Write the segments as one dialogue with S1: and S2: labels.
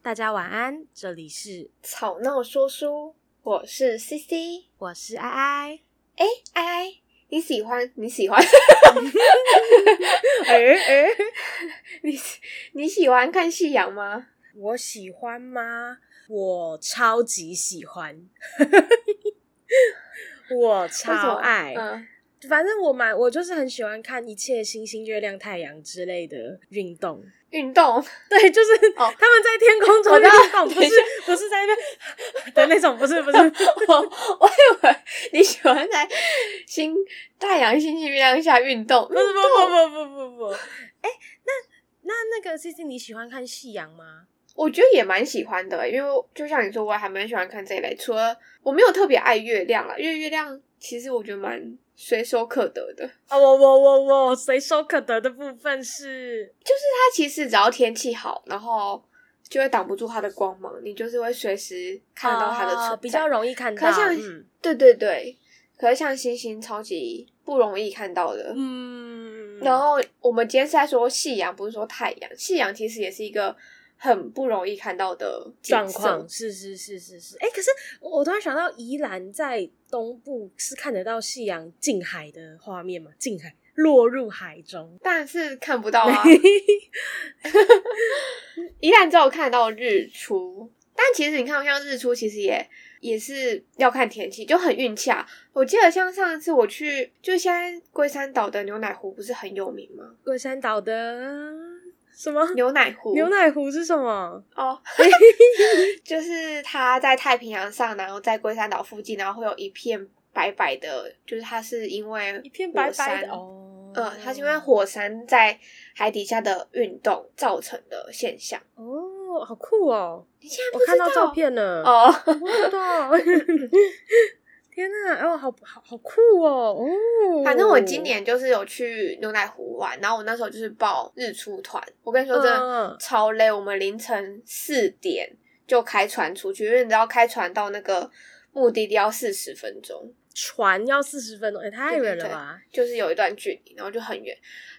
S1: 大家晚安，這裡是吵鬧說書，我是 CC，我是愛愛，哎，愛愛，你喜歡你喜歡， 哎哎，你你喜歡看夕陽嗎？
S2: 我，我喜歡嗎？我超級喜歡， 我超愛，呃、反正我蠻我就是很喜歡看一切星星、月亮、太陽之類的運動。運動， 動，對，就是、oh, 他們在天空中運動，不，不是不是在那邊的那種，不是不是，我以為你喜歡在星
S1: 太陽、星星、月亮下運動，不,是不,不,不不不
S2: 不不不不，哎、 欸，那
S1: 那那個，最近你喜歡看夕陽嗎？我覺得也蠻喜歡的，因為就像你說，我也還蠻喜歡看這類，除了我沒有特別愛月亮了，因為月亮。其實我覺得蠻隨手可得的啊！我我我我隨手可得的部分是，就是它其實只要天氣好，然後就會擋不住它的光芒，你就是會隨時看到它的啊，比較容易看到。可是像、嗯、對對對，可是像星星超級不容易看到的，
S2: 嗯。
S1: 然後我們今天是在說夕陽，不是說太陽。夕陽其實也是一個。很不容易看到的狀況，是
S2: 是是是是，
S1: 哎、欸，可是我突然想到，宜蘭
S2: 在東部是看得到夕陽近海的畫面嗎？近海落入海中，
S1: 但是看不到啊。 宜蘭只有看到日出，但其實你看，我像日出其實也也是要看天氣，就很運氣啊。我記得像上次我去，就現在龜山島的牛奶湖不是很有名嗎？龜山島的。什麼牛奶湖？牛奶湖是什麼？哦，oh. 就是它在太平洋上，然後在龜山島附近，然後會有一片白白的，就是它是因為火山一片白白的哦，oh. 嗯，它是因為火山在海底下的運動造成的現象。哦，oh, 好酷哦！你現在我看到照片了哦，我看到。天吶，哦，好好好酷哦，哦，反正我今年就是有去牛奶湖玩，然後我那時候就是報日出團。我跟你說真的，超累。嗯、我們凌晨四點就開船出去，嗯、因為你知道開船到那個目的地要四十分鐘，船要四十分鐘也、欸、太遠了吧？對對對，就是有一段距離，然後就很遠。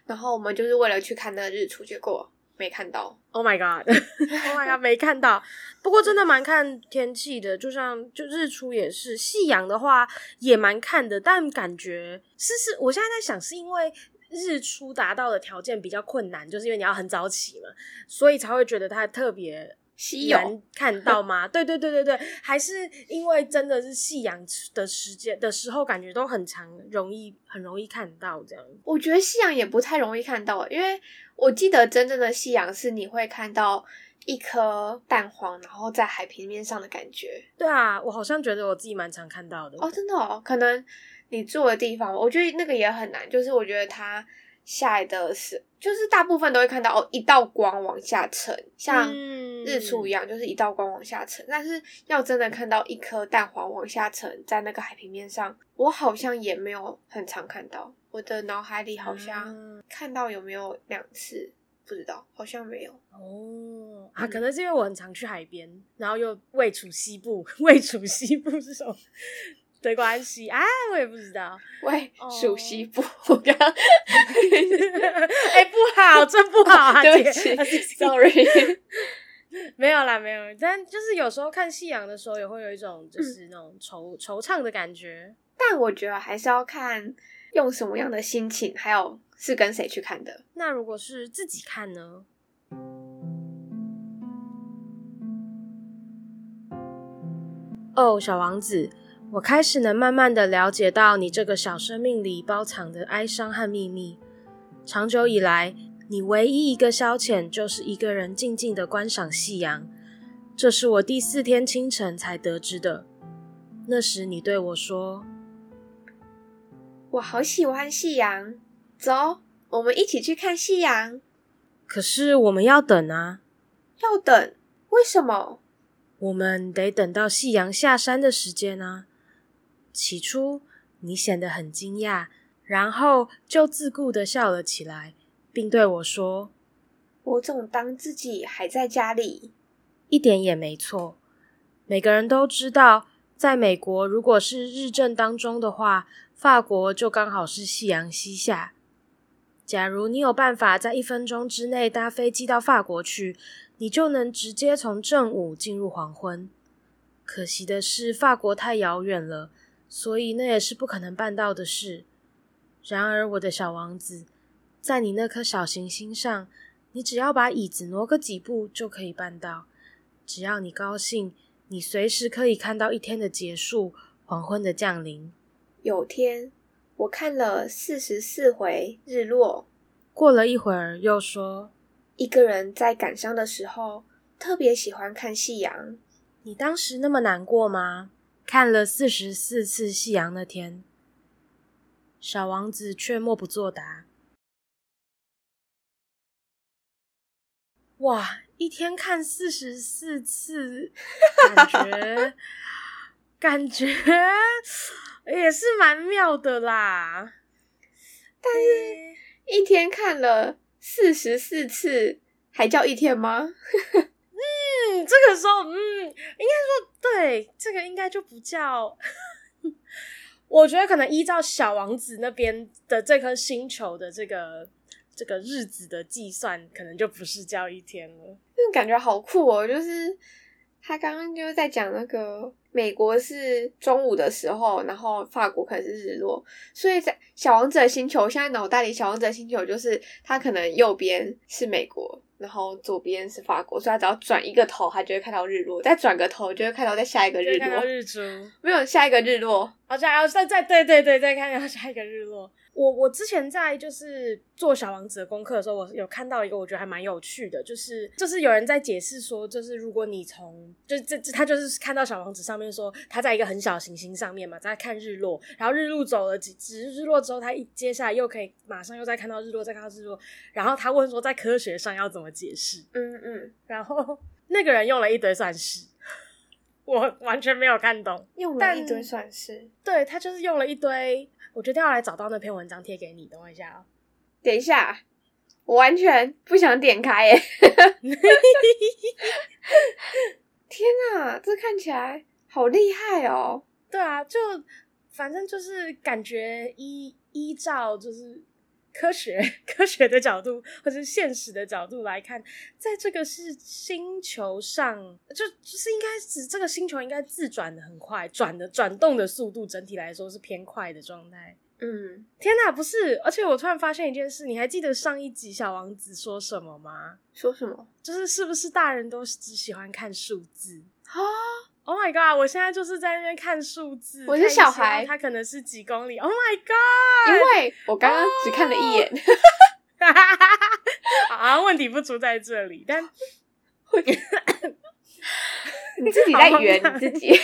S1: 然後我們就是為了去看那個日出，結果。沒看到
S2: ，Oh my God，Oh my God，沒看到。不過真的蠻看天氣的，就像就日出也是，夕陽的話也蠻看的，但感覺是是，我現在在想，是因為日出達到的條件比較困難，就是因為你要很早起嘛，所以才會覺得它特別。夕陽看到嗎？對呵對對對對，還是因為真的是夕陽的時間的時候，感覺都很常，容易很容易看到這樣。
S1: 我覺得夕陽也不太容易看到，因為我記得真正的夕陽是你會看到一顆蛋黃，然後在海平面上的感覺。對
S2: 啊，我好像覺得我自己蠻常看到
S1: 的。哦，真的哦，可能你住的地方，我覺得那個也很難，就是我覺得它下來的是，就是大部分都會看到哦，一道光往下沉，像、嗯。日出一樣，就是一道光往下沉。但是要真的看到一顆蛋黃往下沉在那個海平面上，我好像也沒有很常看到。我的腦海裡好像看到有沒有兩次，嗯、不知道，好像沒有
S2: 哦。嗯、啊，可能是因為我很常去海邊，然後又位處西部，位處西部是什麼 的關係啊？我也不知道。喂未，處、哦、西部，我剛剛哎，不好，真不好，哦、對不起，sorry。 沒有啦，沒有。但就是有時候看夕陽的時候，也會有一種就是那種惆、嗯、惆悵的感覺。
S1: 但我覺得還是要看用什麼樣的心情，還有是跟誰去看的。
S2: 那如果是自己看呢？哦，小王子，我開始能慢慢的了解到你這個小生命裡包藏的哀傷和祕密。長久以來。你唯一一個消遣，就是一個人靜靜的觀賞夕陽，這是我第四天清晨才得知的。那時你對我
S1: 說：“我好喜歡夕陽，走，我們一起去看夕陽。”
S2: 可是我們要等啊，
S1: 要等，
S2: 為什麼？我們得等到夕陽下山的時間啊。起初你顯得很驚訝，然後就自顧的笑了起來。並對我說：“我總當自己還在家裡，一點也沒錯。每個人都知道，在美國，如果是日正當中的話，法國就剛好是夕陽西下。假如你有辦法在一分鐘之內搭飛機到法國去，你就能直接從正午進入黃昏。可惜的是，法國太遙遠了，所以那也是不可能辦到的事。然而，我的小王子。”在你那顆小行星上，你只要把椅子挪個幾步就可以辦到。只要你高興，你隨時可以看到一天的結束，黃昏的降臨。
S1: 有天，我看了四十四回日落。
S2: 過了一會兒，又說，
S1: 一個人在感傷的時候，特別喜歡看夕陽。你當時那麼難過嗎？看了四十四
S2: 次夕陽那天，小王子卻默不作答。哇，一天看四十四次，感覺 感
S1: 覺也是蠻妙的啦。但是，一天看了四十四次，還叫一天嗎？
S2: 嗯，這個時候，嗯，應該說對，這個應該就不叫。 我覺得可能依照小王子那邊的這顆星球的這個。這個日子的計算可能就不是叫一天了，那
S1: 種感覺好酷哦！就是他剛剛就是在講那個美國是中午的時候，然後法國可能是日落，所以在小王子的星球，現在腦袋裡小王子的星球就是他可能右邊是美國，然後左邊是法國，所以他只要轉一個頭，他就會看到日落，再轉個頭就會看到在下一個日落，日落沒有下一個日落，
S2: 好像，還有再再再對對對對，對，看到下一個日落。我我之前在就是做小王子的功課的時候，我有看到一個我覺得還蠻有趣的，就是就是有人在解釋說，就是如果你從就這這他就是看到小王子上面說他在一個很小行星上面嘛，在看日落，然後日落走了幾幾日日落之後，他一接下來又可以馬上又再看到日落，再看到日落，然後他問說在科學上要怎麼解釋？嗯嗯，然後那個人用了一堆算式，我完全沒有看懂，但一堆算式，對，他就是用了一堆。我決定要來找到那篇文章貼給你，等我一下啊、喔，等一
S1: 下，我完全不想點開耶、欸！ 天啊，這看起來好厲害哦！
S2: 對啊，就反正就是感覺依依照就是。科學科學的角度或者現實的角度來看，在這個是星球上，就就是應該是這個星球應該自轉的很快，轉的轉動的速度整體來說是偏快的狀態。嗯，天哪，不是！而且我突然發現一件事，你還記得上一集小王子說什麼嗎？說什麼？就是是不是大人都只喜歡看數字？哈、啊。Oh my god！我現在就是在那邊看數字。我是小孩，他、哦、可能是幾公里。Oh my god！因為
S1: 我剛剛只看了一眼。
S2: 啊，oh. 問題不出在這裡，但會， 你自己在圓你自己，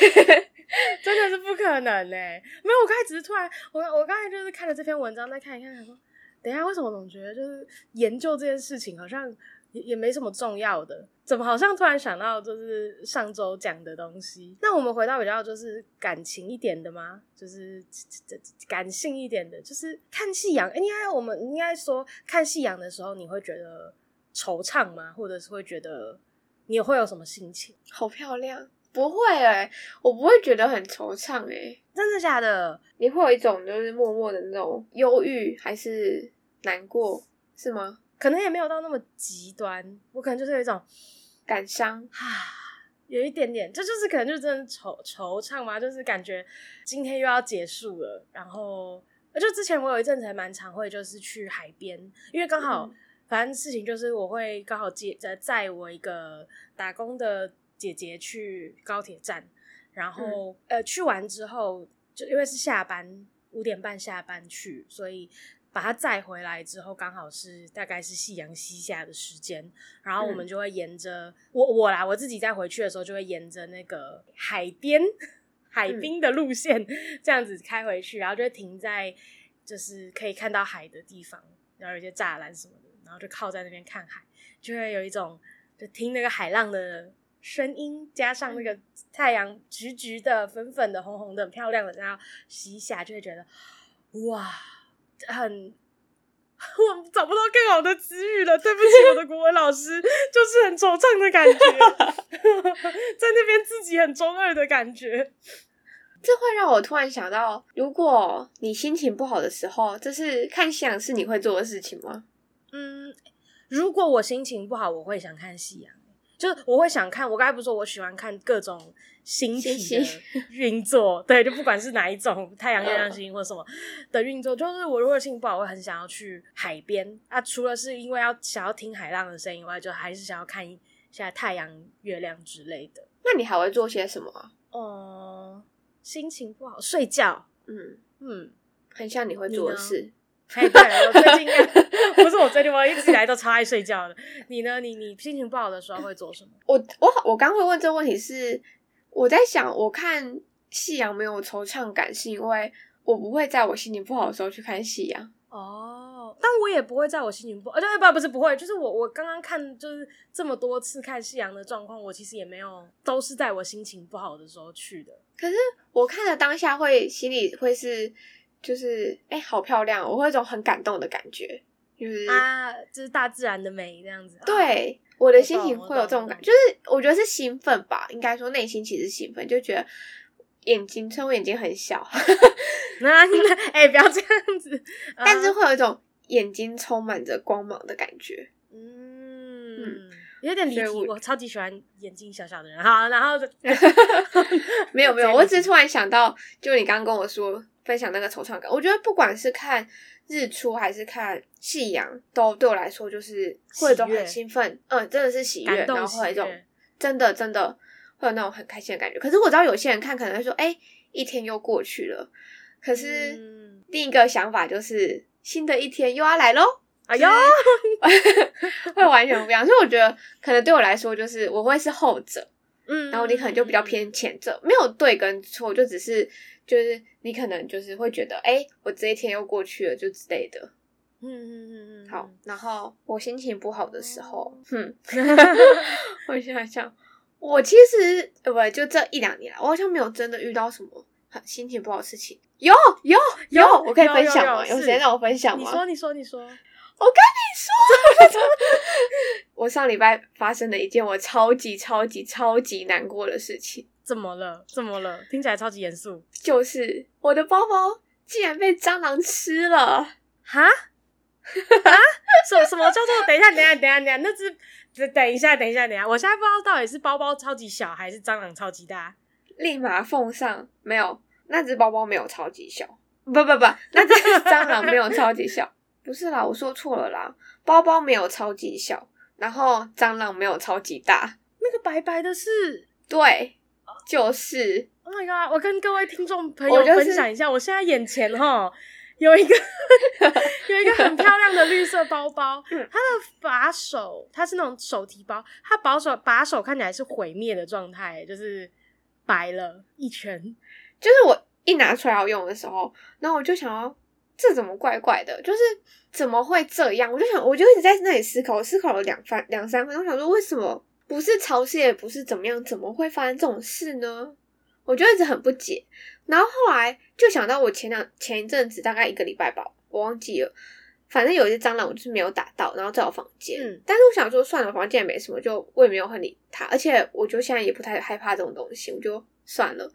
S2: 真的是不可能呢、欸。沒有，我剛才只是突然，我我剛才就是看了這篇文章，再看一看，說，等一下，為什麼我總覺得就是研究這件事情好像也也沒什麼重要的。怎麼好像突然想到就是上周講的東西？那我們回到比較就是感情一點的嗎？就是感性一點的，就是看夕陽，欸，應該我們應該說看夕陽的時候，你會覺得惆悵嗎？或者是會覺得你會有什麼
S1: 心情？好漂亮，不會欸，我不會覺得很惆悵欸。真的假的？你會有一種就是默默的那種憂鬱還是難過是嗎？可能也沒有到那麼極端，我可能就是有一種感傷、
S2: 啊、有一點點，這就，就是可能就真的惆悵嘛，就是感覺今天又要結束了。然後，就之前我有一陣子還蠻常會就是去海邊，因為剛好，嗯、反正事情就是我會剛好接載我一個打工的姐姐去高鐵站，然後、嗯、呃，去完之後就因為是下班五點半下班去，所以。把它載回來之後，剛好是大概是夕陽西下的時間，然後我們就會沿着、嗯、我我來我自己再回去的時候，就會沿着那個海邊海濱的路線這樣子開回去，嗯、然後就會停在就是可以看到海的地方，然後有一些柵欄什麼的，然後就靠在那邊看海，就會有一種就聽那個海浪的聲音，加上那個太陽橘橘的、粉粉的、紅紅的，很漂亮的，然後西下就會覺得哇。很， 我找不到更好的詞語了。對不起，我的國文老師 就是很惆悵的感覺，
S1: 在那邊自己很中二的感覺。這會讓我突然想到，如果你心情不好的時候，這是看夕陽是你會做的事情嗎？嗯，如果我心情不好，我會想看夕陽。就是我會想看，
S2: 我剛才不是說我喜歡看各種星體的運作，星期 對，就不管是哪一種太陽、月亮、星星或什麼的運作。 就是我如果心情不好，我會很想要去海邊啊，除了是因為要想要聽海浪的聲音外，就還是想要看一下太陽、月亮之類
S1: 的。那你還會做些什麼？哦、呃，心情不好睡覺，嗯嗯，嗯很像你會做的事。哎， 對，我最近、啊、不是我最近我、啊、 一直以來都超愛睡覺的。
S2: 你呢？你你心情不好的時候會做什麼？
S1: 我我我剛會問這個問題是我在想，我看夕陽沒有惆悵感，是因為我不會在我心情不好的時候去看夕陽。
S2: 哦，
S1: 但我也不會在
S2: 我心情不……呃，不不是不會，就是我我剛剛看就是這麼多次看夕陽的狀況，我其實也沒有都是在我心情不好的時候去的。
S1: 可是我看的當下會心裡會是。就是哎、欸，好漂亮，哦！我會有一種很感動的感覺，就
S2: 是啊，就是大自然的美這樣子。
S1: 對，我的心情會有這種感覺，就是我覺得是興奮吧，應該說內心其實興奮，就覺得眼睛，雖然 我眼睛很小，那、 啊、你哎、欸、不要這樣子，但是會有一種眼睛充滿着光芒的感覺，嗯。
S2: 嗯。
S1: 有點離題，我，我超級喜
S2: 歡眼睛
S1: 小小的人。好，然後，然後就 沒有沒有，我只是突然想到，就你剛剛跟我說分享那個惆悵感，我覺得不管是看日出還是看夕陽，都對我來說就是會都很興奮，嗯悅、呃，真的是喜悅，喜悅然後會有一種真的真的會有那種很開心的感覺。可是我知道有些人看可能會說，哎、欸，一天又過去了。可是另一個想法就是，新的一天又要來嘍。哎呦，會完全不一樣。所以我覺得，可能對我來說，就是我會是後者，嗯，然後你可能就比較偏前者。沒有對跟錯，就只是就是你可能就是會覺得，哎，我這一天又過去了，就之類的。嗯嗯嗯嗯。好，然後我心情不好的時候，哼，我想想，我其實呃不就這一兩年來，我好像沒有真的遇到什麼心情不好的事情。有有有，我可以分享嗎？有時間讓我分享嗎？你說，
S2: 你說，你說。我
S1: 跟你說， 我上禮拜發生了一件我超級超級超級難過的事情。怎麼了？怎麼了？聽起來超級嚴肅。就是我的包包竟然被蟑螂吃了！哈？哈哈
S2: 是什麼叫做？ 等一下，等一下，等一下，等下，那隻等等一下，等一下，等下，我現在不知道到底是包包超級小，還是蟑螂超級大。
S1: 立馬奉上，沒有，那隻包包沒有超級小。不不不，不，那隻蟑螂沒有超級小。 不是啦，我說錯了啦。包包沒有超級小，然後蟑螂沒有超級大。那個白白
S2: 的是對，oh. 就是。Oh my god！我跟各位聽眾朋友分享一下，我，就是、我現在眼前哈有一個 有一個很漂亮的綠色包包， 它的把手它是那種手提包，它把手把手看起來是毀滅的狀態，就是白了一圈。就是
S1: 我一拿出來要用的時候，然後我就想要。這怎麼怪怪的？就是怎麼會這樣？我就想，我就一直在那裡思考，思考了兩三兩三分鐘。我想說，為什麼不是潮濕，也不是怎麼樣，怎麼會發生這種事呢？我就一直很不解。然後後來就想到，我前兩前一陣子大概一個禮拜吧，我忘記了，反正有一些蟑螂，我就是沒有打到，然後在我房間。嗯、但是我想說，算了，房間也沒什麼，就我也沒有很理它。而且我就現在也不太害怕這種東西，我就算了。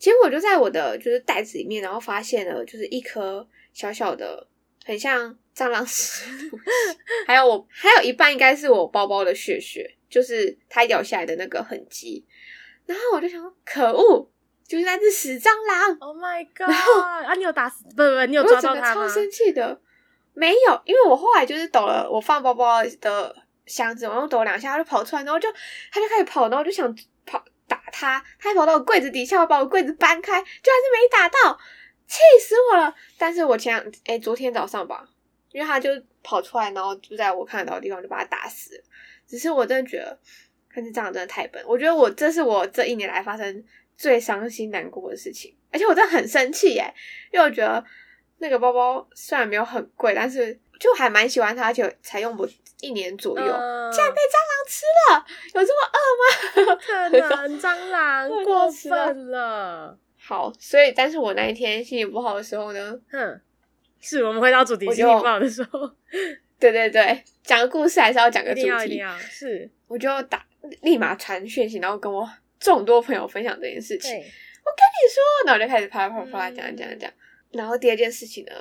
S1: 結果就在我的就是袋子裡面，然後發現了就是一顆小小的，很像蟑螂屎。還有我還有一半應該是我包包的血血，就是它咬下來的那個痕迹。然後我就想說，可惡，就是那只死蟑螂！Oh my god！啊，你有打死？不不不，你有抓到蟑螂嗎？超生氣的， 沒有，因為我後來就是抖了，我放包包的箱子，然後抖兩下它就跑出來，然後就它就開始跑，然後就想。他他跑到我櫃子底下，我把我櫃子搬開，居然還是沒打到，氣死我了！但是我前兩誒、欸，昨天早上吧，因為他就跑出來，然後就在我看得到的地方，就把他打死。只是我真的覺得，可是這樣真的太笨。我覺得我這是我這一年來發生最傷心難過的事情，而且我真的很生氣耶、欸，因為我覺得那個包包雖然沒有很貴，但是。就還蠻喜歡它，而且才用不一年左右，呃、竟然被蟑螂吃了！有這麼餓嗎？怎麼可能？蟑螂，蟑螂，過分了！好，所以，但是我那一天心情不好的時候呢，嗯，是我們回到主題，心情不好的時候，對對對，講個故事還是要講個主題啊！是，我就打，立馬傳訊息，然後跟我眾多朋友分享這件事情。對我跟你說，然後我就開始啪啪啪啪啦講講講，然後第二件事情呢？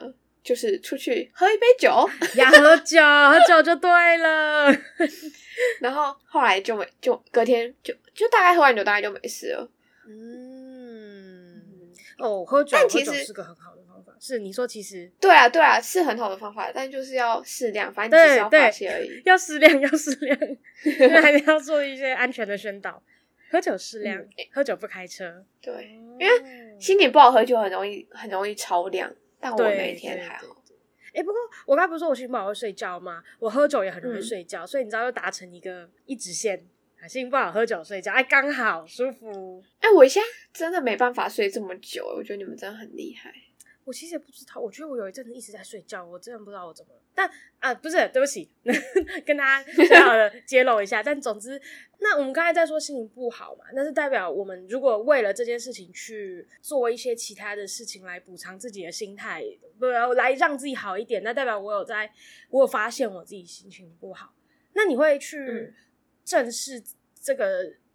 S1: 就是出去喝一杯酒，呀，喝酒， 喝酒就對了。 然後後來就沒就隔天就就大概喝完酒，大概就沒事了。嗯，哦，喝酒，但其實是個很好的方法。是你說其實對啊對啊，是很好的方法，但就是要適量，反正只是要放棄而已。要適量，要適
S2: 量，還要做一些安全的宣導： 喝酒適量，嗯、喝酒不開車。對，因為心情不好，喝酒很容易，很容易超
S1: 量。但我每天還
S2: 好對對對。哎、欸，不過我剛才不是說我心情不好會睡覺嗎？我喝酒也很容易睡覺，嗯、所以你知道，就達成一個一直線，還是心情不好喝酒睡
S1: 覺，哎，剛好舒服。哎、欸，我一下真的沒辦法睡這麼久，我覺得你們真的很厲害。
S2: 我其實也不知道，我覺得我有一陣子一直在睡覺，我真的不知道我怎麼了。但啊，不是，對不起，呵呵跟大家最好的揭露一下。 但總之，那我們剛才在說心情不好嘛，那是代表我們如果為了這件事情去做一些其他的事情來補償自己的心態，不，來讓自己好一點，那代表我有在，我有發現我自己心情不好。那你會去正視這個？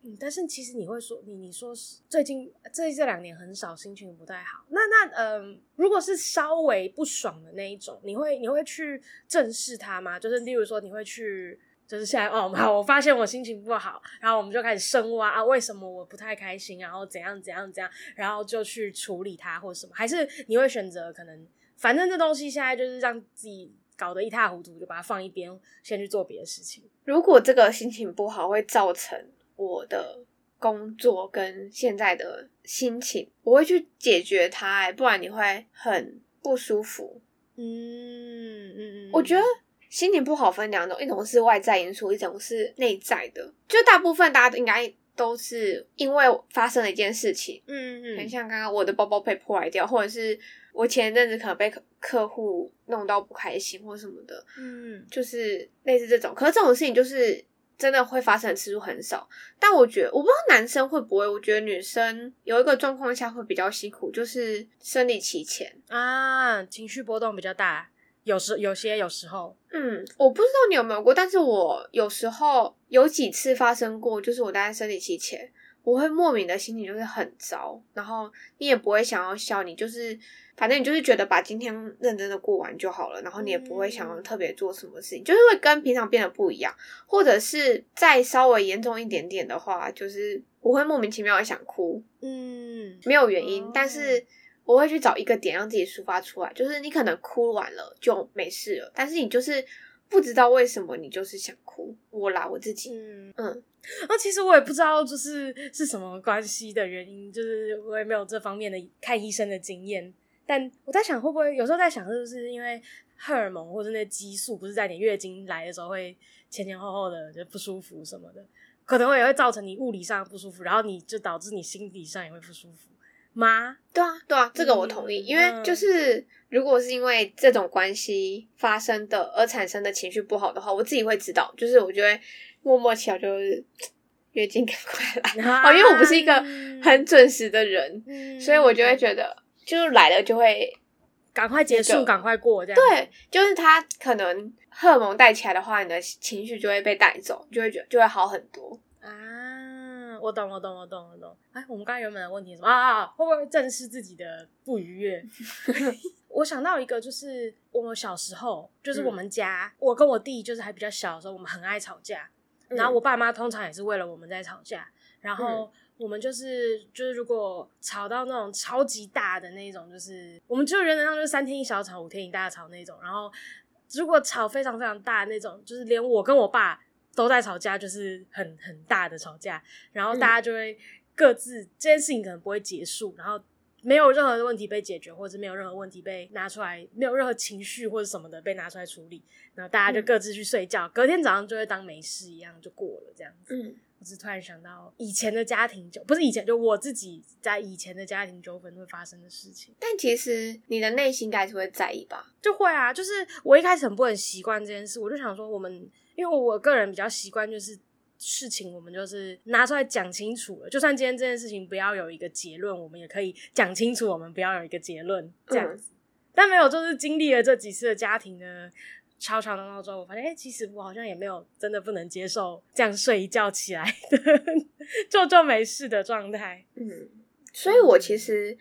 S2: 嗯，但是其實你會說，你你說最近，最近這這兩年很少，心情不太好。那那嗯、呃，如果是稍微不爽的那一種，你會你會去正視它嗎？就是例如說，你會去就是現在哦，好，我發現我心情不好，然後我們就開始深挖啊，為什麼我不太開心，然後怎樣怎樣怎樣，然後就去處理它或者什麼？還是你會選擇可能，反正這東西現在就是讓自己搞得一塌糊塗，就把它
S1: 放一邊，先去做別的事情。如果這個心情不好會造成。我的工作跟現在的心情，我會去解決它，欸，不然你會很不舒服。嗯嗯嗯，嗯我覺得心情不好分兩種，一種是外在因素，一種是內在的。就大部分大家應該都是因為發生了一件事情。嗯嗯，嗯很像剛剛我的包包被破壞掉，或者是我前一陣子可能被客戶弄到不開心或什麼的。嗯，就是類似這種。可是這種事情就是。真的會發生的次數很少，但我覺得，我不知道男生會不會。我覺得女生有一個狀況下會比較辛苦，就是生理期前啊，情緒波動比較大，有時有些有時候。嗯，我不知道你有沒有過，但是我有時候有幾次發生過，就是我大概生理期前。我會莫名的心情就是很糟，然後你也不會想要笑，你就是反正你就是覺得把今天認真的過完就好了，然後你也不會想要特別做什麼事情，嗯、就是會跟平常變得不一樣。或者是再稍微嚴重一點點的話，就是我會莫名其妙的想哭，嗯，沒有原因，哦、但是我會去找一個點讓自己抒發出來，就是你可能哭完了就沒事了，但是你就是。不知道為什麼你就是想哭，我啦，我自己，嗯那、嗯啊、其實我也不知道
S2: 就是是什麼關係的原因，就是我也沒有這方面的看醫生的經驗，但我在想會不會有時候在想，是不是因為荷爾蒙或者那些激素不是在你月經來的時候會前前後後的就是、不舒服什麼的，可能也會造成你物理上不舒服，然後你就導致你心理上也會不舒服。
S1: 媽，嗎對啊，對啊，嗯、這個我同意，嗯、因為就是如果是因為這種關係發生的而產生的情緒不好的話，我自己會知道，就是我就會默默祈禱就是月經趕快來、啊、哦，因為我不是一個很準時的人，嗯、所以我就會覺得就是來了就會趕、嗯、快結束，趕就快過這樣。對，就是他可能荷爾蒙帶起來的話，你的情緒就會被帶走，就會覺得就會好很多啊。
S2: 我懂，我懂，我懂，我懂。哎，我們剛剛原本的問題是什麼啊？啊，啊，會不會正視自己的不愉悅？ 我想到一個，就是我們小時候，就是我們家，嗯、我跟我弟就是還比較小的時候，我們很愛吵架。
S1: 嗯、然後我爸媽
S2: 通常也是為了我們在吵架。然後我們就是、嗯、就是如果吵到那種超級大的那種，就是我們就原則上就是三天一小吵，五天一大吵那種。然後如果吵非常非常大那種，就是連我跟我爸。都在吵架，就是很很大的吵架，然後大家就會各自、嗯、這件事情可能不會結束，然後沒有任何的問題被解決，或者是沒有任何問題被拿出來，沒有任何情緒或者什麼的被拿出來處理，然後大家就各自去睡覺，嗯、隔天早上就會當沒事一樣就過了這樣子。嗯，我是突然想到以前的家庭，就不是以前，就我自己在以前的家庭糾紛會發生的事情，但其實
S1: 你的內心還是會在意吧？
S2: 就會啊，就是我一開始很不很習慣這件事，我就想說我們。因為我個人比較習慣，就是事情我們就是拿出來講清楚了。就算今天這件事情不要有一個結論，我們也可以講清楚。我們不要有一個結論這樣子。嗯，但沒有，就是經歷了這幾次的家庭的吵吵鬧鬧之後，我發現，欸，其實我好像也沒有真的不能接受這樣睡一覺起來的，做就，就沒事的狀態。
S1: 嗯，所以我其實。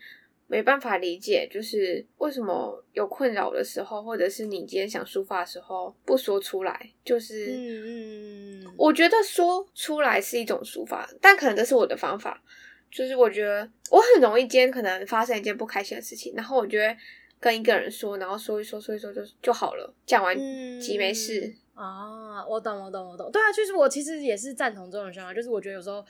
S1: 沒辦法理解，就是為什麼有困擾的時候，或者是你今天想抒發的時候不說出來，就是嗯,嗯我覺得說出來是一種抒發，但可能這是我的方法，就是我覺得我很容易今天可能發生一件不開心的事情，然後我覺得跟一個人說，然後說一說說一說,說一說就就好了，講完即沒事、
S2: 嗯、啊，我懂我懂我懂，對啊，就是我其實也是贊同這種想法，就是我覺得有時候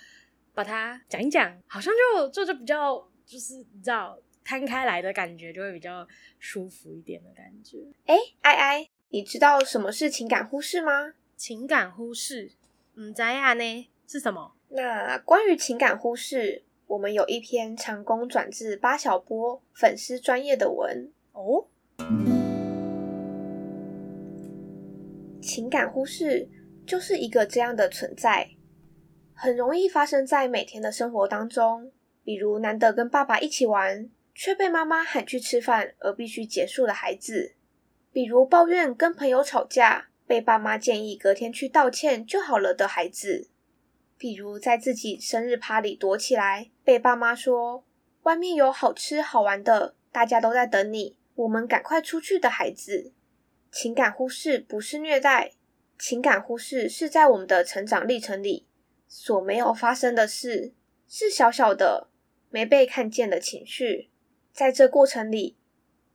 S2: 把它講一講，好像就做就,就比較就是你知道。攤開來的感覺就會比較舒服一點的感覺。哎、
S1: 欸，愛愛，你知道什麼是情感忽視嗎？情感忽視，嗯，知啊呢？是什麼？那關於情感忽視，我們有一篇成功轉自八小波粉絲專業的文哦。情感忽視就是一個這樣的存在，很容易發生在每天的生活當中，比如難得跟爸爸一起玩。卻被媽媽喊去吃飯而必須結束的孩子，比如抱怨跟朋友吵架，被爸媽建議隔天去道歉就好了的孩子；比如在自己生日趴裡躲起來，被爸媽說外面有好吃好玩的，大家都在等你，我們趕快出去的孩子。情感忽視不是虐待，情感忽視是在我們的成長歷程裡所沒有發生的事，是小小的，沒被看見的情緒。在這過程裡，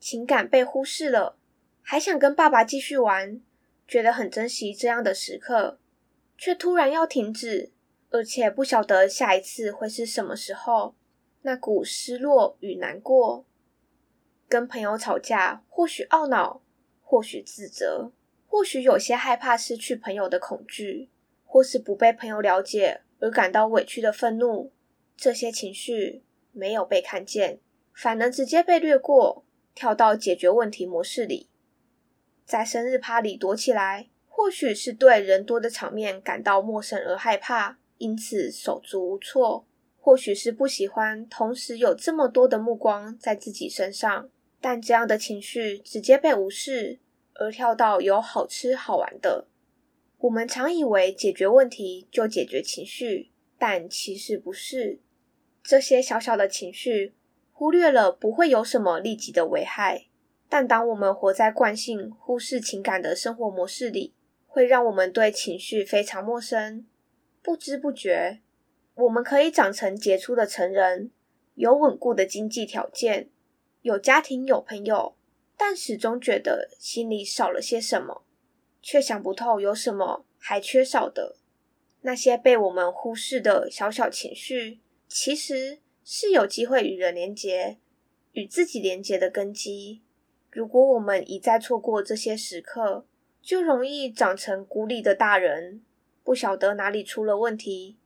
S1: 情感被忽視了，還想跟爸爸繼續玩，覺得很珍惜這樣的時刻，卻突然要停止，而且不曉得下一次會是什麼時候。那股失落與難過，跟朋友吵架，或許懊惱，或許自責，或許有些害怕失去朋友的恐懼，或是不被朋友了解而感到委屈的憤怒，這些情緒沒有被看見。反而直接被掠過，跳到解決問題模式裡，在生日趴裡躲起來，或許是對人多的場面感到陌生而害怕，因此手足無措；或許是不喜歡同時有這麼多的目光在自己身上，但這樣的情緒直接被無視，而跳到有好吃好玩的。我們常以為解決問題就解決情緒，但其實不是，這些小小的情緒。忽略了不會有什麼立即的危害，但當我們活在慣性忽視情感的生活模式裡，會讓我們對情緒非常陌生。不知不覺，我們可以長成傑出的成人，有穩固的經濟條件，有家庭，有朋友，但始終覺得心裡少了些什麼，卻想不透有什麼還缺少的。那些被我們忽視的小小情緒，其實……是有機會與人連結、與自己連結的根基。如果我們一再錯過這些時刻，就容易長成孤立的大人，不曉得哪裡出了問題，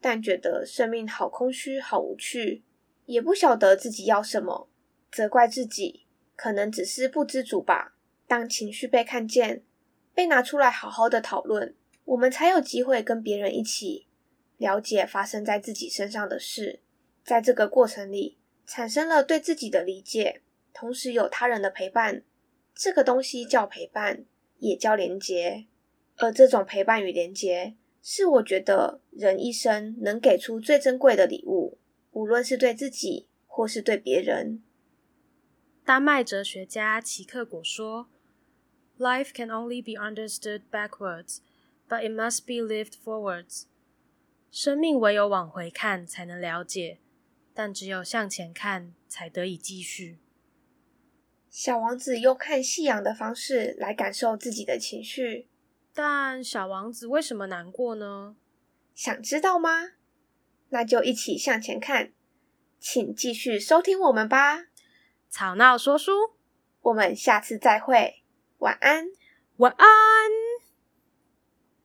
S1: 但覺得生命好空虛、好無趣，也不曉得自己要什麼，責怪自己，可能只是不知足吧。當情緒被看見、被拿出來好好的討論，我們才有機會跟別人一起了解發生在自己身上的事。在這個過程裡，產生了對自己的理解，同時有他人的陪伴。這個東西叫陪伴，也叫連結，而這種陪伴與連結是我覺得人一生能給出最珍貴的禮物，無論是對自己，或是對別人。
S2: 丹麥哲學家齊克果說：“Life can only be understood backwards, but it must be lived forwards。”生命唯有往回看才能了解。但只有向前看，才得以繼續。
S1: 小王子用看夕陽的方式來感受自己的情緒，但小王子為什麼難過呢？想知道嗎？那就一起向前看，請繼續收聽我們吧。吵鬧說書，我們下次再會。晚安，晚安。